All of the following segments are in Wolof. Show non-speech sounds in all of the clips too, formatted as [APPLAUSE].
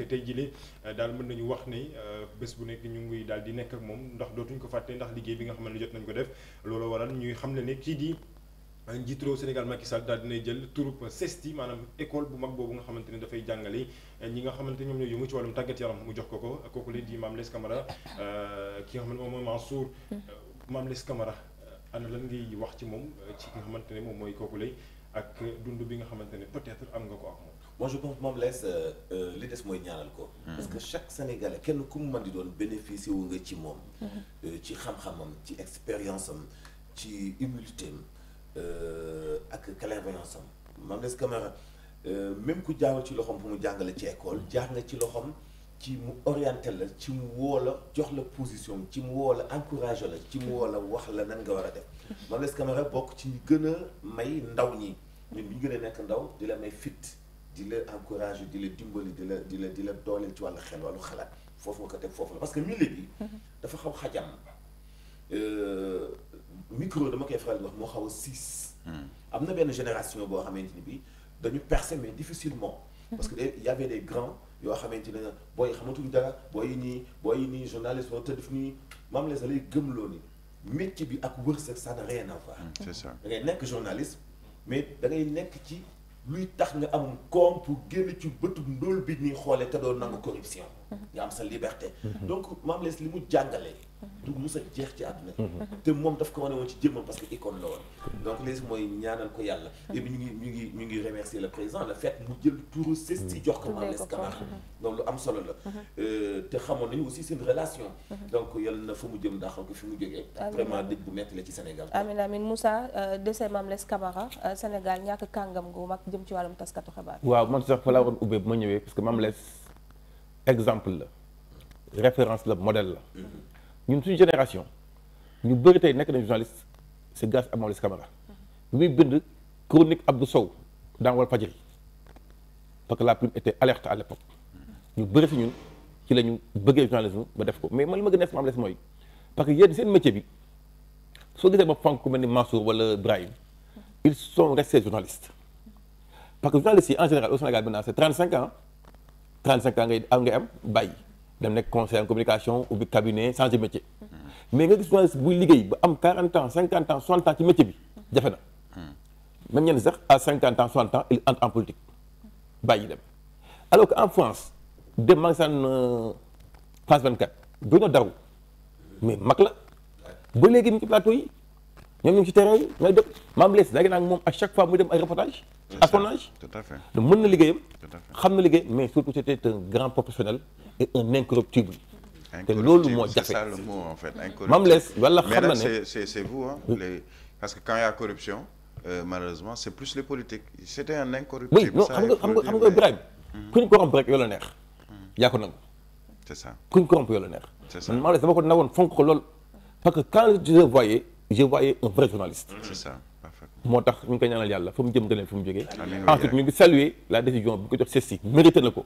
ak tey jile euh, daal mën nañu wax ne euh, bés bu nekk ñu ngi daal di nekk ak moom ndax dootuñ ko fàtte ndax liggéey bi nga xam ne jot nañ ko def loolu waral ñuy xam ne ne kii di euh, njiitu réew Sénégal Macky Sall daal dinay jël turub CESTI maanaam école bu mag boobu nga xamante ne dafay jàngale ñi nga xamante ñoom ñoo yëngu ci wàllum tàggat yaram mu jox ko ko kooku leen di Mame Less Camara ki nga xam ne moom mooy Mansour hmm. Mame Less Camara ana lan ngay wax ci moom ci ki moom mooy kooku ak dund bi nga xamante ne peut-être am nga ko moi je pense moom lees euh, euh, li des mooy ñaanal ko. Mm-hmm. parce que chaque sénégalais kenn ku mu mën di doon bénéficier wu nga ci moom. Mm-hmm. Euh, ci xam-xamam ci expérience am ci humilité am ak clairvoyance am Mame Less Camara même ku jaawal ci loxoom fu mu jàngale ci école jaar nga ci loxoom ci mu orienté la ci mu woo la jox la position ci mu woo la encouragé la ci mu woo la wax la nan nga war a def mm-hmm. Mame Less bokk ci gën a may ndaw ñi ñun bi ñu gën a nekk ndaw di la may fit di la encourager di la dimbali di la di la di la dooleel ci wàllu xel wàllu xalaat foofu nga ko teg foofu la parce que milieu bi [LAUGHS] dafa xaw xajam euh, micro dama koy faral di wax moo xaw a siis hmm. am na benn génération boo xamante ni bi dañu percer mais difficilement parce que [LAUGHS] y avait des yoo xamante ne booy xamatuñ dara booy yi nii booy yi nii journaliste wala tëdd fi nii maam les lay gëmloo ni métier bi ak wërsëg ça n'a rien à voir. Hmm, c'est ça da ngay nekk journaliste mais da nekk ci luy tax nga am koom pour génn ci bëtub ndóol bi ñuy xoolee te doo nangu corruption. Mm-hmm. nga am sa liberté. Mm-hmm. donc maam Less li mu jàngale du mus a jeex ci àdduna mhm. te moom daf ko wane woon ci jëmmam parce que icône la woon donc léegi mooy ñaanal ko yàlla et ñu ngi ñu ngi ñu ngi remercier le président le fait mu jël turu si jox ko Mame Less Camara mhm. solo la mhm. euh, te xamoon nañu aussi seen relation donc yàlla na fa mu jëm daa fi mu jógee vraiment dëj bu metti la ci Sénégal amin amin Moussa euh, décès Mame Less Camara euh, Sénégal ñàkk kàngam gu mag jëm ci wàllum taskatu xabaar waaw man sax fa laa waroon ubbee bu ma ñëwee parce que Mame Less exemple la référence la modèle la ñun suñu génération ñu bëri tey nekk nañ journaliste c'est grâce à Maurice Camara bi muy bind chronique Abdou Sow dans Walfadjri parce que la plume était alerte à l'époque ñu bëri si ñun ci la bëggee journalisme ba def ko mais man li ma gën a neex mooy parce que yéen seen métier bi soo gisee ba fonk ku ma ni Mansour wala Brahim ils sont restés journalistes parce que journalistes yi en général au Sénégal maintenant c'est 35 ans 35 ans ngay am ngay am dem nekk conseil en communication bi cabinet changer métier mais nga gis journaliste buy liggéey ba am 40 ans 50 ans 60 ci métier bi jafe na même ñenn sax à 50 ans 60 ans il entre en politique bàyyi que en France dem maa ngi saan euh, France 24 Bruno Darou mais mag la ba léegi ñu ci plateau yi ñoom ñu ci terrain yi ngay dëkk Mame Less daa ngi moom à chaque fois muy dem ay reportage à son tout à fait mën na liggéeyam. tout xam na liggéey mais surtout c'était un grand professionnel. et un incorruptible. te loolu moo jafe c'est ça le mot en fait incorruptible Mame Less wala xam na ne c'est a corruption euh, malheureusement c'est plus les politiques c'était un incorruptible. oui non xam nga xam nga xam nga Ibrahima. ku ñu corrompre rek yoo la neex. yaa ko nangu. c'est la neex. c'est ça man Mame Less dama fonk lool parce que quand je le voyais un vrai journaliste. moo tax ñu ngi koy ñaanal yàlla fu mu jëm gën a fu mu jógee. amiin ensuite saluer la décision bu ko jox ceci mérité na ko.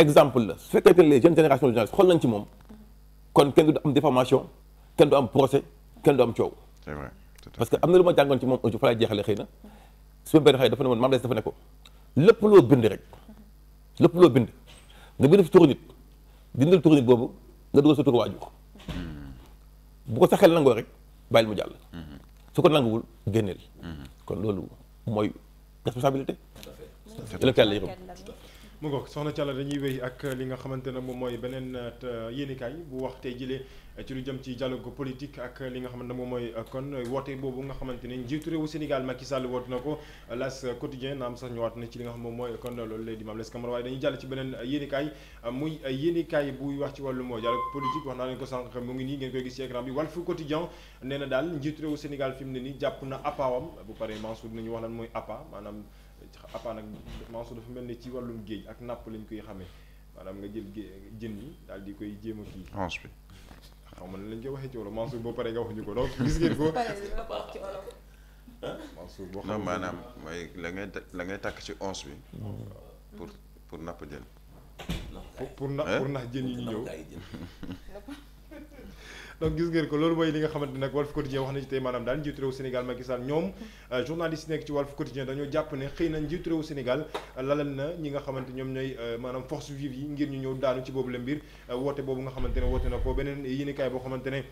exemple la su fekkee ne les jeunes générations de journalistes xool nañ ci moom kon kenn du am déformation kenn du am procès kenn du am coow. c'est vrai parce que am na lu ma jàngoon ci moom un jour fa laay jeexalee xëy na su ma benn xëy dafa ne woon maam des dafa ne ko lépp loo bind rek lépp loo bind nga bind fi turu nit dindal turu nit boobu nga dugal sa turu waajur bu ko sa xel nangoo rek bàyyil mu jàll. su ko nanguwul génneel. Mhm. kon loolu mooy responsabilité. mu ngoog soxna Thiala dañuy wéy ak li nga xamante ne moom mooy beneen euh, yéenikaay bu wax tey jëlee euh, ci lu jëm ci dialogue politique ak li nga xamante ne moom mooy euh, kon woote boobu nga xamante ne njiitu réewu Sénégal Macky Sall woote na ko las quotidien naam sax ñëwaat na ci li nga xam moom mooy kon loolu lay di Mame Less Camara waaye dañuy jàll ci beneen yéenikaay muy yéenikaay buy wax ci wàllum dialogue politique wax naa leen ko sànq mu ngi nii ngeen koy gis ci écran bi Walf Quotidien nee na daal njiitu réewu mu ne nii jàpp na appaawam bu paree Mansour nañu wax lan mooy appaa nag Mansour dafa mel ni ci wàllum géej ak napp lañ koy xamee maanaam nga jël gé jën yi daal di koy jéema a kii. ange bi. xaw ma ne lañ koy waxee ci wolof Mansour boo paree nga wax ñu ko donc gis ngeen ko. Mansour boo xam maanaam mooy la ngay la ngay takk ci once bi. Mm. pour pour napp jën. pour na pour nax jën yi ñu ñëw. [LAUGHS] donc gis ngeen ko loolu mooy li nga xamante nag Walf Quotidien wax na ci tey maanaam daal njiitu réew Sénégal Macky Sall ñoom euh, journaliste nekk ci Walf Quotidien dañoo jàpp ne xëy na njiitu réew Sénégal euh, lalal na ñi nga xamante ñoom ñooy euh, maanaam force vive yi ngir ñu ñëw daanu ci boobu la mbir woote boobu nga xamante ne woote na ko beneen yéenekaay boo xamante ne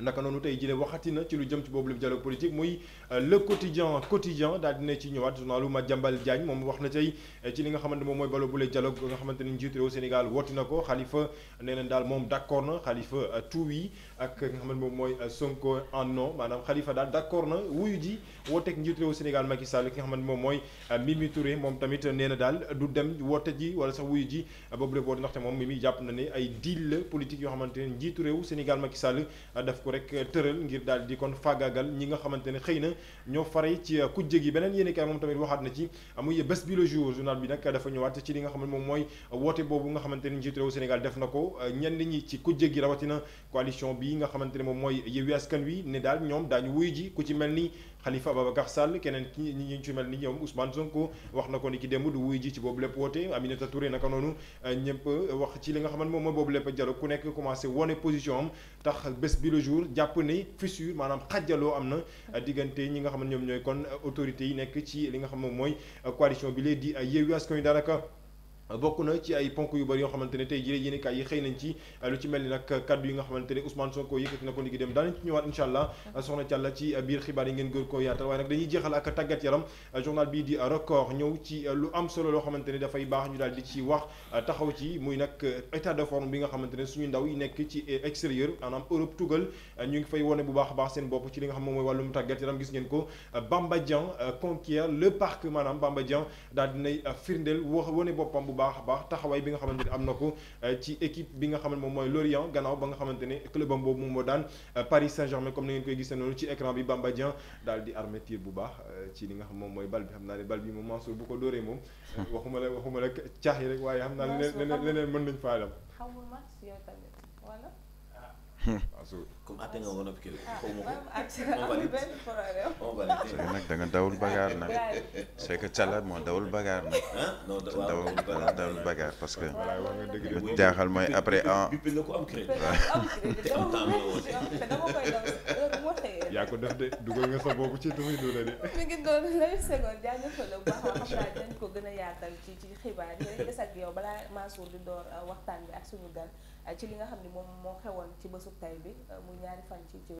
naka noonu tey jile waxati na ci lu jëm ci boobu lépp dialogue politique muy euh, le quotidien quotidien daal dina ci ñëwaat journalu Madiambal Diagne moom wax na tey ci li nga xamante moom mooy balo bule dialogue nga xamante ne njiitu réew Sénégal wooti na ko Khalifa nee na daal moom d'accord na Khalifa euh, tuwi ak nga xamante moom mooy euh, Sonko en non maanaam Khalifa daal d'accord na wuyu ji wooteeg njiitu réew Sénégal Macky Sall ki nga xamante moom mooy Mimi Touré moom tamit nee na daal du dem woote ji wala sax wuyu ji boobu le boo di ndaxte moom Mimi jàpp na ne ay deal politique yoo xamante ne njiitu réew Sénégal Macky Sall daf ko rek euh, tëral ngir daal di kon faagaagal ñi nga xamante ne xëy na ñoo faray ci euh, kujje gi beneen yéeni kaay moom tamit waxaat na ci muy bés bi le jour journal bi nag dafa ñëwaat ci li nga xam ne moom mooy woote boobu nga xamante ne njiit réew Sénégal def na ko euh, ñenn ñi ci kujje gi rawatina coalition bi nga xamante ne moom mooy Yewwi Askan Wi ne daal ñoom daañu wuyu ji ku ci mel nii Khalifa Ababacar Sall keneen ki ñi ñu ci mel ni ñoom Ousmane Sonko wax na ko ni ki démb du wuy ji ci boobu lépp woote Aminata Touré naka noonu euh, ñëpp euh, wax ci li nga xamante moom mooy boobu lépp dialogue ku nekk commencé wone position am tax bés bi le jour jàpp ni fissure maanaam xajjaloo am na euh, diggante ñi nga xam ne ñoom ñooy kon autorité yi nekk ci li nga xam ne mooy coalition bi léegi di Yewwi Askan dara daanaka bokk na ci ay ponk yu bëri yoo xamante ne tey jii yéen kaay yi xëy nañ ci euh, lu ci mel ni nag kaddu yi nga xamante ne Ousmane Sonko yëkkati na ko ni ki dem daanañ ci ñëwaat incha allah euh, soxna Thialla ci biir xibaar yi ngeen gër koo yaatal waaye nag dañuy jeexal ak tàggat yaram euh, journal bii di record ñëw ci lu am solo loo xamante ne dafay baax ñu daal di ci wax taxaw ci muy nag état de forme bi nga xamante ne suñu ndaw yi nekk ci extérieur maanaam Europe tugal ñu ngi fay wone bu baax a baax seen bopp ci li nga xam moom mooy wàllum tàggat yaram gis ngeen ko Bamba Dieng conquiert le parc maanaam Bamba Dieng daal dinay firndeel wax wone boppam baax baax taxawaay bi nga xamante ne am na ko euh, ci équipe bi nga xam ne moom mooy Lorient gannaaw ba nga xamante ne club am boobu moom moo daan euh, Paris Saint-Germain comme ni ngeen koy gisee noonu ci écran bi Bamba Dieng daal di armé bu baax euh, ci li nga xam moom mooy bal bi xam naa ne bal bi moom Mansour bu ko dóoree moom waxuma la waxuma la caax yi rek waaye xam naa leneen leneen mën nañ faa comme atte nag da nga dawul bagaar nag c'est que Talla moo dawul bagaar nag. dawul dawul bagaar parce que. lu jaaxal mooy après en. yaa ko def de dugal nga sa boobu ci dumuy duuda de mi ngi doon lay seconde jaajëfal la bu xam naa dañ ko gën a yaatal ci ci xibaar yi dañ des ak yow balaa Mansour di door uh, waxtaan bi ak suñu gan uh, ci li nga xam ni moom moo xewoon ci bésub tey bi uh, muy ñaari fan ci